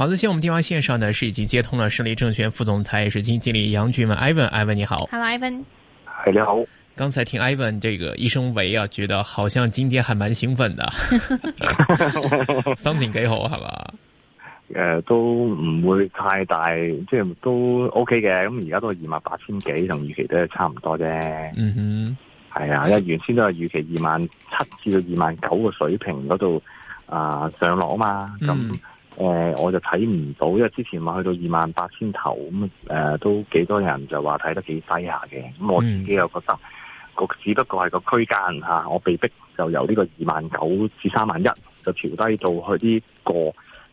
好的，咁先，我們電話線上呢，是已經接通了勝利證券副總裁，也是基金經理楊俊文 Ivan，Ivan 你好。Hello，Ivan。係、hey, 你好。剛才聽 Ivan 這個一聲喂啊，覺得好像今天還蠻興奮的。 Something 幾好係嘛？誒，都唔會太大，即係都 OK 嘅。咁而家都係二萬八千幾，同預期都係差唔多啫。嗯哼。係啊，因為原先都係預期二萬七至到二萬九嘅水平嗰度啊上落啊嘛。咁、嗯。嗯誒、呃，我就睇唔到，因為之前話去到二萬八千頭咁，誒、呃，都幾多人就話睇得幾低下嘅。咁我自己又覺得，個、mm. 只不過係個區間吓，我被逼就由呢個二萬九至三萬一，就調低到去呢個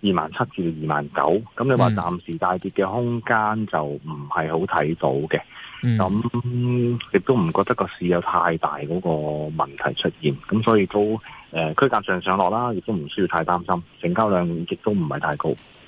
二萬七至二萬九。咁你話暫時大跌嘅空間就唔係好睇到嘅。咁亦都唔覺得個市有太大嗰個問題出現，咁所以都誒、呃、區間上上落啦，亦都唔需要太擔心，成交量亦都唔係太高。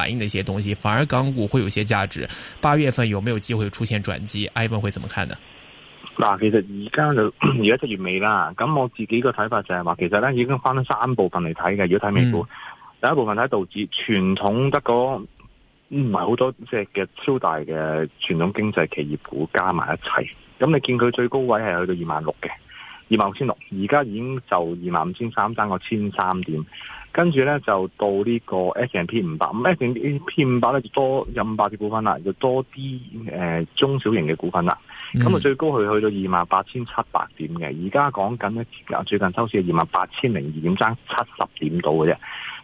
反映的一些東西，反而港股會有些價值。八月份有沒有機會出現轉機？iPhone 會怎麼看呢？嗱，其實而家就而家七月尾啦。咁我自己個睇法就係話，其實咧已經分咗三部分嚟睇嘅。如果睇美股，第一部分睇道指傳統得個唔係好多隻嘅超大嘅傳統經濟企業股加埋一齊，咁你見佢最高位係去到二萬六嘅。二萬六千六，而家已經就二萬五千三爭個千三點，跟住咧就到呢個 S&P 五百，咁 S&P 五百咧就多五百隻股份啦，就多啲誒、呃、中小型嘅股份啦。咁、嗯、啊最高佢去到二萬八千七百點嘅，而家講緊咧最近收市二萬八千零二點爭七十點到嘅啫。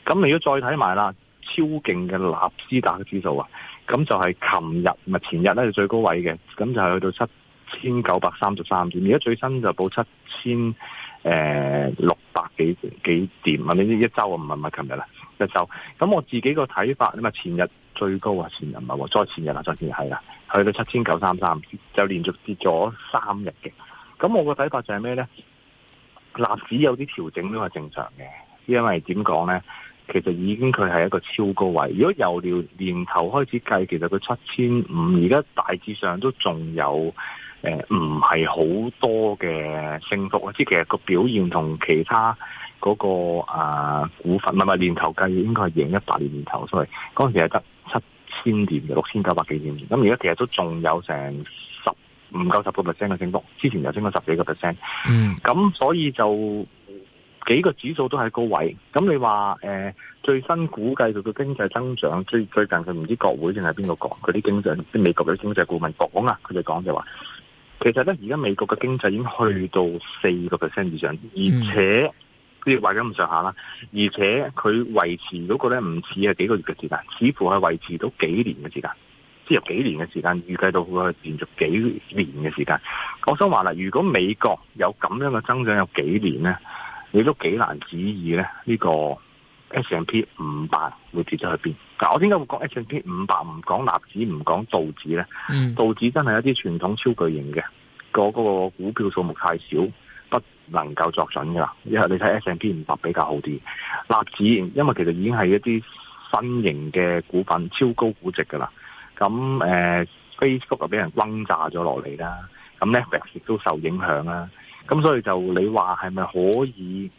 咁如果再睇埋啦，超勁嘅納斯達嘅指數啊，咁就係琴日唔係前日咧就最高位嘅，咁就係去到七千九百三十三點，而家最新就報七千誒六百幾幾點啊？你知一周啊？唔係唔係，琴日啦，一周。咁我自己個睇法，咁啊前日最高啊，前日唔係，再前日啦，再前日係啦，去到七千九三三，就連續跌咗三日嘅。咁我個睇法就係咩呢？納指有啲調整都係正常嘅，因為點講呢？其實已經佢係一個超高位。如果由年頭開始計，其實佢七千五，而家大致上都仲有。誒、呃，唔係好多嘅升幅，即係其實個表現同其他嗰、那個啊股份，唔係唔係年頭計應該係贏一百年年頭，所以嗰陣時係得七千點嘅六千九百幾點，咁而家其實都仲有成十唔夠十個 percent 嘅升幅，之前就升咗十幾個 percent，嗯，咁所以就幾個指數都喺高位，咁你話誒、呃、最新估計佢嘅經濟增長，最最近佢唔知國會定係邊個講，佢啲經濟，美國啲經濟顧問講啊，佢哋講就話。其實咧，而家美國嘅經濟已經去到四個 percent 以上，而且，亦話緊咁上下啦。而且佢維持嗰個咧唔似係幾個月嘅時間，似乎係維持到幾年嘅時間，即係幾年嘅時間，預計到佢係連續幾年嘅時間。我想話啦，如果美國有咁樣嘅增長有幾年咧，你都幾難指意咧呢個。S&P 五百會跌咗去邊？嗱、啊，我點解會講 S&P 五百唔講納指唔講道指咧、嗯？道指真係一啲傳統超巨型嘅，嗰、那個股票數目太少，不能夠作準㗎啦。因為你睇 S&P 五百比較好啲，納指因為其實已經係一啲新型嘅股份，超高估值㗎啦。咁、呃、Facebook 又俾人轟炸咗落嚟啦，咁咧亦都受影響啦。咁所以就你話係咪可以？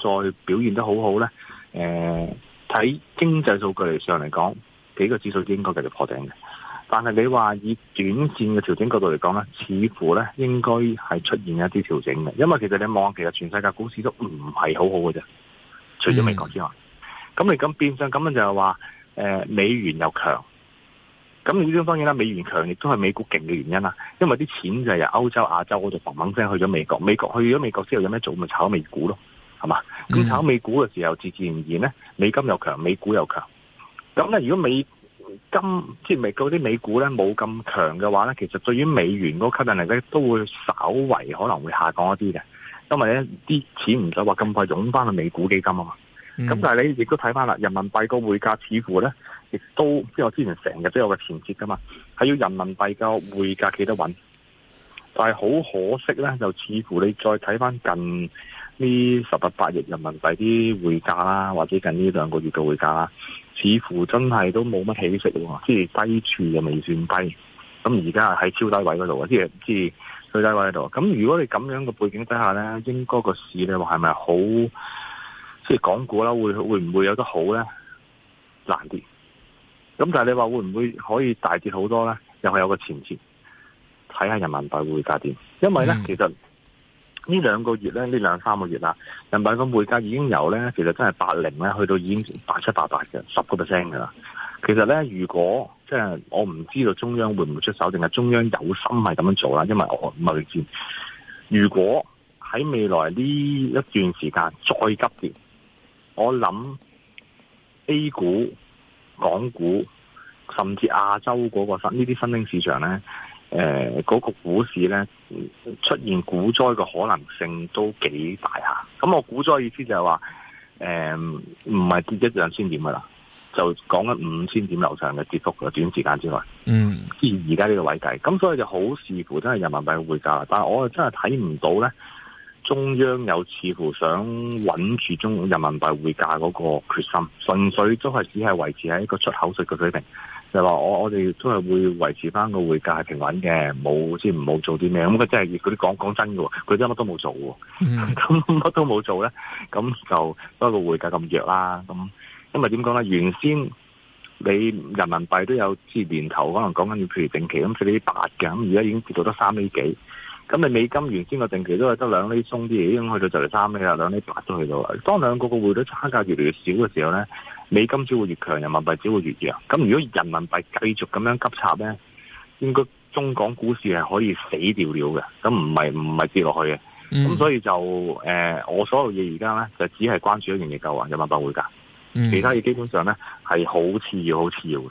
再表現得好好呢。誒、呃，睇經濟數據嚟上嚟講，幾個指數應該繼續破頂嘅。但係你話以短線嘅調整角度嚟講呢，似乎呢，應該係出現一啲調整嘅，因為其實你望其實全世界股市都唔係好好嘅啫，除咗美國之外，咁你咁變相咁樣就係話、呃、美元又強，咁你呢種當然啦，美元強亦都係美股勁嘅原因啦，因為啲錢就係由歐洲、亞洲嗰度砰砰聲去咗美國，美國去咗美國之後有咩做咪炒美股咯。係嘛？咁炒美股嘅時候，自自然然咧，美金又強，美股又強。咁咧，如果美金即係未啲美股咧冇咁強嘅話咧，其實對於美元嗰個吸引力咧，都會稍為可能會下降一啲嘅。因為咧啲錢唔使話咁快湧翻去美股基金啊嘛。咁但係你亦都睇翻啦，人民幣個匯價似乎咧亦都即係我之前成日都有嘅前瞻噶嘛，係要人民幣嘅匯價企得穩。但係好可惜咧，就似乎你再睇翻近呢十八八億人民幣啲匯價啦，或者近呢兩個月嘅匯價啦，似乎真係都冇乜起色，即係低處又未算低。咁而家係喺超低位嗰度啊，即係即係最低位嗰度。咁如果你咁樣嘅背景底下咧，應該個市你話係咪好即係港股啦？會會唔會有得好咧難啲？咁但係你話會唔會可以大跌好多咧？又係有個前線。睇下人民幣匯價點，因為咧、嗯、其實呢兩個月咧，呢兩三個月啦，人民幣嘅匯價已經由咧其實真係八零咧，去到已經八七八八嘅十個 percent 嘅啦。其實咧，如果即係、就是、我唔知道中央會唔會出手，定係中央有心係咁樣做啦。因為我唔係你知，如果喺未來呢一段時間再急跌，我諗 A 股、港股甚至亞洲嗰、那個呢啲新興市場咧。誒、呃，嗰個股市咧出現股災嘅可能性都幾大下。咁我股災意思就係話，誒唔係跌一兩千點噶啦，就講緊五千點樓上嘅跌幅嘅短時間之內，嗯，而家呢個位計，咁所以就好視乎真係人民幣匯價啦，但係我啊真係睇唔到咧，中央有似乎想穩住中人民幣匯價嗰個決心，純粹都係只係維持喺一個出口稅嘅水平。就話我我哋都係會維持返個匯價係平穩嘅，冇先唔好做啲咩，咁佢真係佢啲講講真㗎喎，佢真乜都冇做喎，咁乜都冇做咧，咁就嗰個匯價咁弱啦，咁因為點講咧？原先你人民幣都有啲年頭，可能講緊要譬如定期，咁四釐八嘅，咁而家已經跌到得三釐幾，咁你美金原先個定期都係得兩釐鬆啲，已經去到就嚟三釐啦，兩釐八都去到，當兩個個匯率差價越嚟越少嘅時候咧。美金就會越強，人民幣就會越弱。咁如果人民幣繼續咁樣急插咧，應該中港股市係可以死掉了嘅。咁唔係唔係跌落去嘅。咁、嗯、所以就誒、呃，我所有嘢而家咧就只係關注一樣嘢夠啊，人民幣匯價。其他嘢基本上咧係好次要，好次要嘅。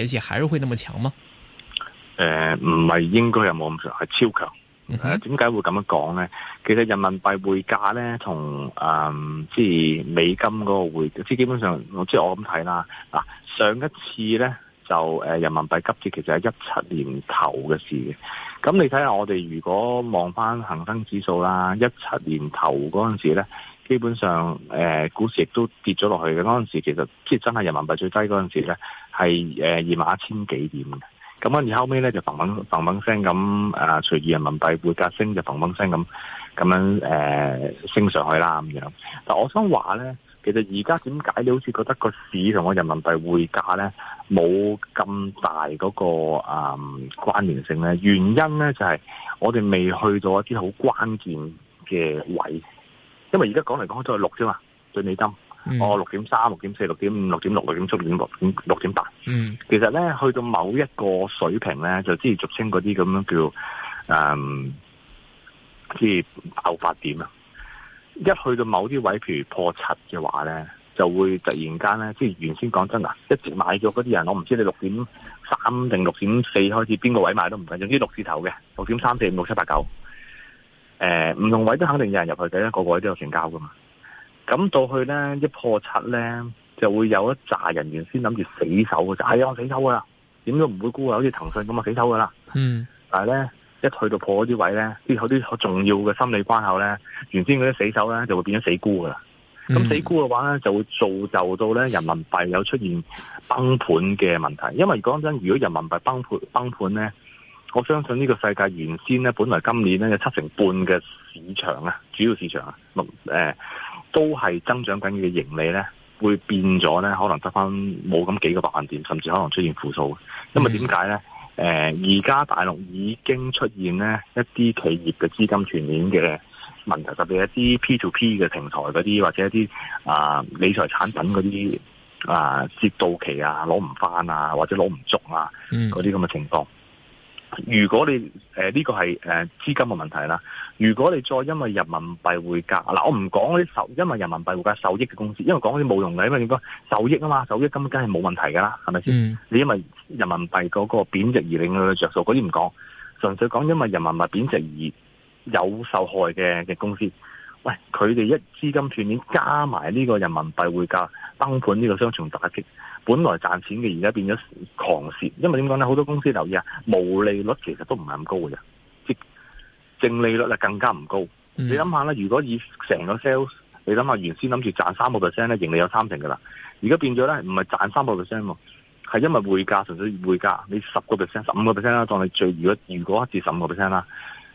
聯繫還是會那麼強嗎？誒、呃，唔係應該有冇咁強，係超強。點、呃、解會咁樣講咧？其實人民幣匯價咧，同誒即係美金嗰個匯價，即係基本上，即係我咁睇啦。嗱，上一次咧就誒、呃、人民幣急跌，其實係一七年頭嘅事嘅。咁你睇下我哋如果望翻恒生指數啦，一七年頭嗰陣時咧。基本上，誒股市亦都跌咗落去嘅。嗰陣時其實即係真係人民幣最低嗰陣時咧，係二萬一千幾點嘅。咁跟住後尾咧就嘭嘭嘭嘭聲咁，誒隨住人民幣匯價升就嘭嘭聲咁，咁樣，誒升上去啦咁樣，但我想話咧，其實而家點解你好似覺得個市同個人民幣匯價咧冇咁大嗰個關聯性咧？原因咧就係我哋未去到一啲好關鍵嘅位。因為現在來講而家講嚟講去都係六啫嘛，最尾針，哦、嗯 oh,，六點三、六點四、六點五、六點六、六點七、六點六點八。其實咧，去到某一個水平咧，就即係俗稱嗰啲咁樣叫，誒、嗯，即係爆發點啊！一去到某啲位，譬如破七嘅話咧，就會突然間咧，即係原先講真啊，一直買咗嗰啲人，我唔知你六點三定六點四開始邊個位買都唔緊要，啲六字頭嘅，六點三四五六七八九。誒、呃，唔同位都肯定有人入去個個位都有成交噶嘛。咁到去咧一破七咧，就會有一紮人員先諗住死守嘅，就係啊死守噶啦，點都唔會沽啊，好似騰訊咁啊死守噶啦。嗯，但係咧一去到破嗰啲位咧，啲有啲好重要嘅心理關口咧，原先嗰啲死守咧就會變咗死沽噶啦。咁死沽嘅話咧，就會造就到咧人民幣有出現崩盤嘅問題，因為講真，如果人民幣崩盤崩盤咧。我相信呢個世界原先咧，本來今年咧有七成半嘅市場啊，主要市場啊，誒、呃、都係增長緊嘅盈利咧，會變咗咧，可能得翻冇咁幾個百分點，甚至可能出現負數。因為點解咧？誒、呃，而家大陸已經出現咧一啲企業嘅資金全面嘅問題，特別一啲 P to P 嘅平台嗰啲，或者一啲啊、呃、理財產品嗰啲啊折到期啊，攞唔翻啊，或者攞唔足啊，嗰啲咁嘅情況。如果你誒呢、呃這個係誒資金嘅問題啦，如果你再因為人民幣匯價嗱，我唔講啲受因為人民幣匯價受益嘅公司，因為講嗰啲冇用嘅，因為你講受益啊嘛，受益根本梗係冇問題㗎啦，係咪先？你因為人民幣嗰個貶值而令到佢着數，嗰啲唔講，純粹講因為人民幣貶值而有受害嘅嘅公司，喂，佢哋一資金斷鏈加埋呢個人民幣匯價。崩盤呢個商場打擊，本來賺錢嘅，而家變咗狂蝕。因為點講咧？好多公司留意啊，毛利率其實都唔係咁高嘅，即係淨利率啊更加唔高。嗯、你諗下咧，如果以成個 sales，你諗下原先諗住賺三個 percent 咧，盈利有三成嘅啦，而家變咗咧，唔係賺三個 percent 喎，係因為匯價純粹匯價。你十個 percent、十五個 percent 啦，當你最如果如果一至十五個 percent 啦，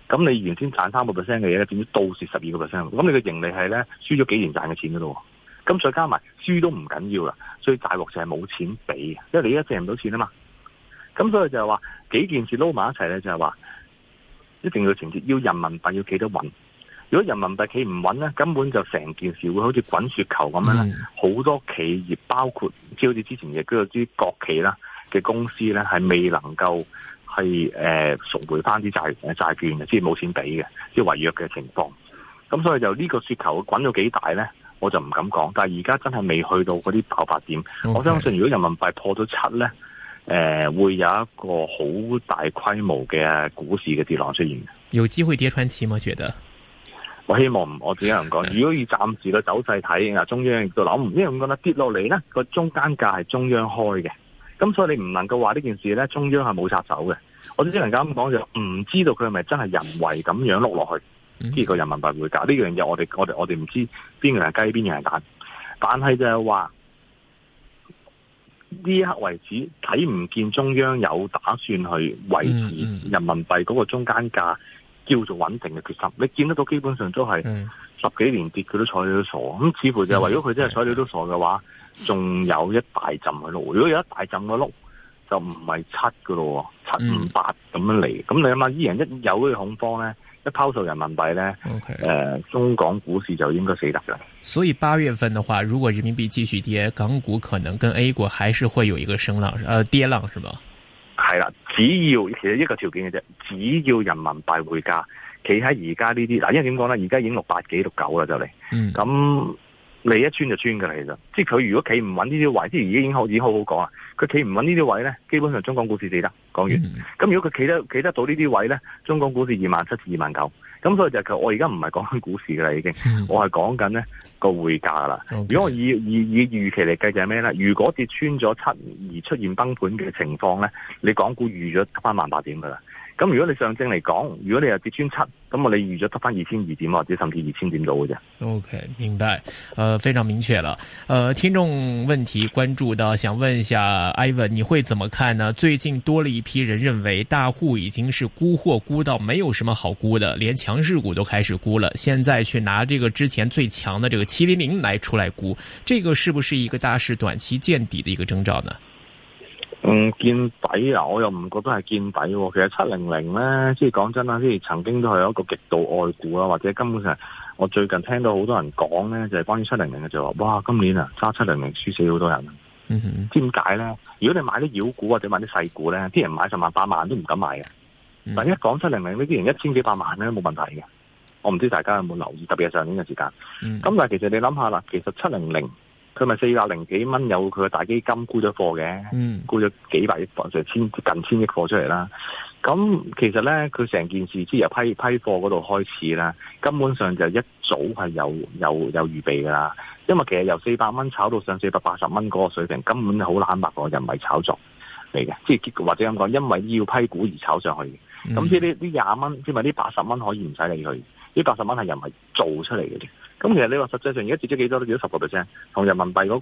咁你原先賺三個 percent 嘅嘢咧，知到蝕十二個 percent，咁你嘅盈利係咧，輸咗幾年賺嘅錢嗰度。咁再加埋，輸都唔緊要啦。所以大鑊就係冇錢俾，因為你而家借唔到錢啊嘛。咁所以就係話幾件事撈埋一齊咧，就係話一定要情節，要人民幣要企得穩。如果人民幣企唔穩咧，根本就成件事會好似滾雪球咁樣咧，好、mm. 多企業包括即好似之前亦都有啲國企啦嘅公司咧，係未能夠係誒贖回翻啲債債券嘅，即冇錢俾嘅，即違約嘅情況。咁所以就呢個雪球滾到幾大咧？我就唔敢講，但係而家真係未去到嗰啲爆發點。Okay. 我相信如果人民幣破咗七咧，誒會有一個好大規模嘅股市嘅跌浪出現。有機會跌穿七嗎？覺得，我希望我只能講， 如果以暫時嘅走勢睇，啊中央亦都諗，因為我應該覺得跌落嚟咧個中間價係中央開嘅，咁所以你唔能夠話呢件事咧中央係冇插手嘅。我只能夠咁講，就唔知道佢係咪真係人為咁樣碌落去。知個人民幣會價呢樣嘢，我哋我哋我哋唔知邊個係雞，邊個係蛋，但係就係話呢一刻為止睇唔見中央有打算去維持人民幣嗰個中間價叫做穩定嘅決心。你見得到基本上都係十幾年跌，佢都睬你都傻。咁似乎就係話如果佢真係睬你都傻嘅話，仲有一大浸嘅碌。如果有一大浸嘅碌，就唔係七嘅咯，嗯，七五八咁樣嚟。咁你諗下，依人一有咗恐慌咧。一拋售人民幣咧，誒、okay。呃、中港股市就應該死得㗎。所以八月份嘅話，如果人民幣繼續跌，港股可能跟 A 股還是會有一個升浪，呃跌浪是，是嗎係嘛？係啦，只要其實一個條件嘅啫，只要人民幣匯價企喺而家呢啲嗱，因為點講咧？而家已經六八幾六九啦，就嚟。嗯。咁。你一穿就穿噶啦，其實，即係佢如果企唔穩呢啲位，之前已經好已好好講啊。佢企唔穩呢啲位咧，基本上中港股市死得講完。咁、mm -hmm. 如果佢企得企得到呢啲位咧，中港股市二萬七至二萬九。咁所以就係我而家唔係講緊股市噶啦，已經，我係講緊咧個匯價啦。 如果我以以以預期嚟計就係咩咧？如果跌穿咗七而出現崩盤嘅情況咧，你港股預咗返萬八點噶啦。咁如果你上證嚟講，如果你又跌穿七，咁我哋預咗得翻二千二點或者甚至二千點到嘅啫。OK，明白。誒、呃，非常明確啦。誒、呃，聽眾問題關注到，想問一下 Ivan，你會怎麼看呢？最近多了一批人認為大戶已經是沽貨沽到沒有什麼好沽的，連強勢股都開始沽了，現在去拿這個之前最強的這個七零零來出來沽，這個是不是一個大市短期見底的一個徵兆呢？唔見底啊！我又唔覺得係見底喎。其實七零零咧，即係講真啦，即係曾經都係有一個極度愛股啦，或者根本上我最近聽到好多人講咧，就係關於七零零嘅，就話哇，今年啊，揸七零零輸死好多人。嗯，知點解咧？如果你買啲妖股或者買啲細股咧，啲人買十萬八萬都唔敢買嘅。Mm-hmm. 但一講七零零，呢啲人一千幾百萬咧冇問題嘅。我唔知大家有冇留意，特別係上年嘅時間。嗯。咁但係其實你諗下啦，其實七零零。佢咪四百零幾蚊，有佢嘅大基金沽咗貨嘅，沽咗幾百億成千近千億貨出嚟啦。咁其實咧，佢成件事即由批批貨嗰度開始啦，根本上就一早係有有有預備噶啦。因為其實由四百蚊炒到上四百八十蚊嗰個水平，根本好冷白個，人為炒作嚟嘅。即係或者咁講，因為要批股而炒上去嘅。咁即係啲廿蚊，即係咪呢八十蚊可以唔使理佢？呢八十蚊係人為做出嚟嘅啫。咁其實你話實際上而家跌咗幾多跌咗十個 percent，同人民幣嗰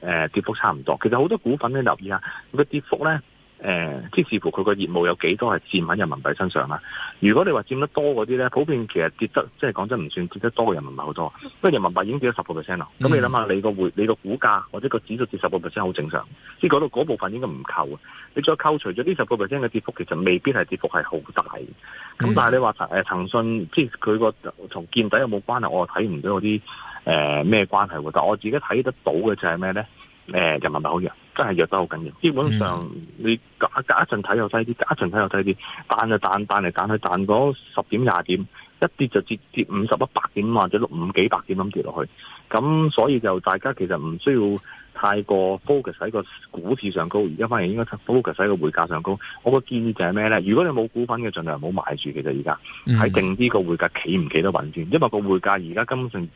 個誒跌幅差唔多。其實好多股份咧留意下，咁嘅跌幅咧。誒、呃，即係視乎佢個業務有幾多係佔喺人民幣身上啦。如果你話佔得多嗰啲咧，普遍其實跌得即係講真唔算跌得多嘅人民幣好多，因為人民幣已經跌咗十個 percent 啦。咁、嗯、你諗下，你個匯、你個股價或者個指數跌十個 percent 好正常，即係嗰度嗰部分應該唔扣。啊。你再扣除咗呢十個 percent 嘅跌幅，其實未必係跌幅係好大。咁、嗯、但係你話誒騰訊，即係佢個同見底有冇關係，我睇唔到嗰啲誒咩關係。但我自己睇得到嘅就係咩咧？誒、呃，人民幣好弱。真係弱得好緊要，基本上你隔一陣睇又低啲，隔一陣睇又低啲，彈就彈，彈嚟彈去，彈嗰十點廿點，一跌就跌跌五十一百點，或者六五幾百點咁跌落去。咁所以就大家其實唔需要太過 focus 喺個股市上高，而家反而應該 focus 喺個匯價上高。我個建議就係咩咧？如果你冇股份嘅，盡量唔好買住。其實而家睇定啲個匯價企唔企得穩轉，因為個匯價而家根本上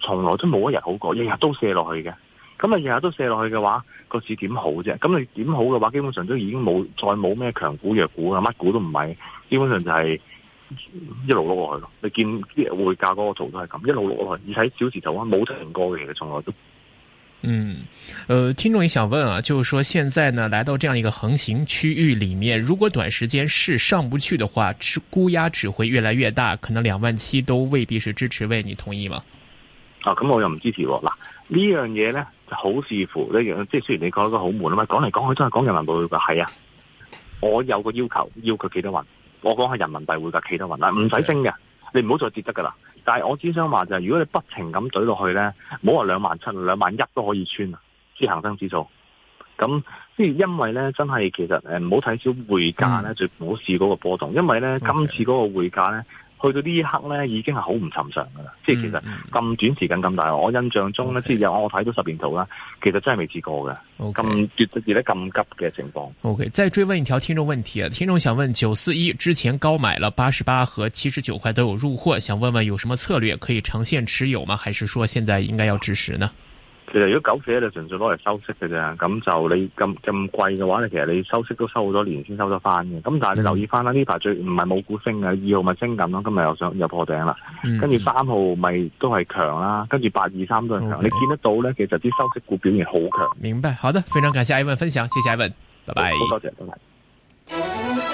從來都冇一日好過，一日都卸落去嘅。咁啊，日日都射落去嘅話，個市點好啫？咁你點好嘅話，基本上都已經冇再冇咩強股弱股啊，乜股都唔係，基本上就係一路碌落去咯。你見啲匯價嗰個圖都係咁，一路碌落去。你睇小時圖啊，冇停過嘅嘢，從來都。嗯，誒、呃，聽眾也想問啊，就是說，現在呢，來到這樣一個橫行區域裏面，如果短時間是上不去嘅話，是沽壓只會越來越大，可能兩萬七都未必是支持位，你同意嗎？哦、那啊，咁我又唔支持喎。嗱，呢樣嘢咧。好視乎呢樣，即係雖然你講一個好悶啊嘛，講嚟講去都係講人民幣匯價。係啊，我有個要求，要佢幾多萬？我講係人民幣匯價，幾多萬？嗱，唔使升嘅，你唔好再跌得噶啦。但係我只想話就係、是，如果你不停咁懟落去咧，唔好話兩萬七，兩萬一都可以穿啊，即係恒生指數。咁即係因為咧，真係其實誒，唔好睇少匯價咧，最唔好試嗰個波動，因為咧、okay. 今次嗰個匯價咧。去到呢一刻呢，已經係好唔尋常㗎喇。即係其實咁短時間咁大，我印象中呢，即、okay. 係我我睇到十年圖啦，其實真係未試過嘅咁絕對跌得咁急嘅情況。OK，再追問一條聽眾問題啊！聽眾想問九四一之前高買了八十八和七十九塊都有入貨，想問問有什麼策略可以長線持有嗎？還是說現在應該要止蝕呢？其實如果九四一就純粹攞嚟收息嘅啫。咁就你咁咁貴嘅話咧，其實你收息都收好多年先收得翻嘅。咁但係你留意翻啦，呢、嗯、排最唔係冇股升嘅，二號咪升緊咯，今日又上又破頂啦。跟住三號咪都係強啦，跟住八二三都係強。你見得到咧，其實啲收息股表現好強。明白，好的，非常感謝 Ivan 分享，謝謝 Ivan，拜拜。好，多謝，多謝，多謝。